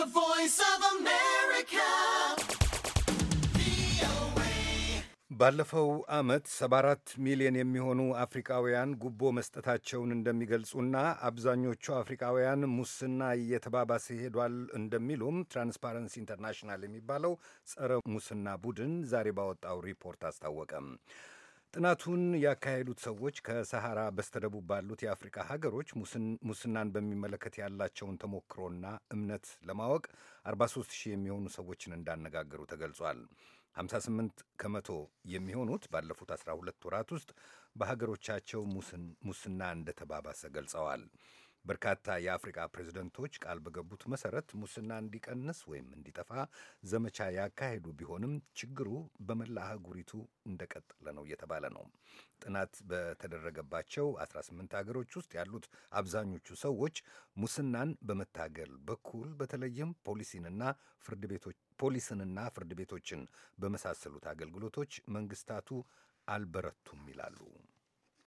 The voice of America. ባለፈው ዓመት 74 ሚሊዮን የሚሆኑ አፍሪካውያን ጉቦ መስጠታቸውን እንደሚገልጹና አብዛኞቹ አፍሪካውያን ሙስና እየተባባሰ ሄዷል እንደሚሉም ትራንስፓረንሲ ኢንተርናሽናል የሚባለው ጸረ ሙስና ቡድን ዛሬ ባወጣው ሪፖርት አስታወቀም። ጥናቱን ያካሄዱት ሰዎች ከሰሃራ በስተደቡብ ባሉት የአፍሪካ ሀገሮች ሙስናን በሚመለከት ያላቸውን ተሞክሮና እምነት ለማወቅ 43 ሺህ የሚሆኑ ሰዎችን እንዳነጋገሩ ተገልጿል። 58 ከመቶ የሚሆኑት ባለፉት 12 ወራት ውስጥ በሀገሮቻቸው ሙስና እንደተባባሰ ገልጸዋል። በርካታ የአፍሪቃ ፕሬዝደንቶች ቃል በገቡት መሰረት ሙስና እንዲቀንስ ወይም እንዲጠፋ ዘመቻ ያካሄዱ ቢሆንም ችግሩ በመላ አህጉሪቱ እንደቀጠለ ነው እየተባለ ነው። ጥናት በተደረገባቸው 18 ሀገሮች ውስጥ ያሉት አብዛኞቹ ሰዎች ሙስናን በመታገል በኩል በተለይም ፖሊሲንና ፍርድ ቤቶች ፖሊስንና ፍርድ ቤቶችን በመሳሰሉት አገልግሎቶች መንግስታቱ አልበረቱም ይላሉ።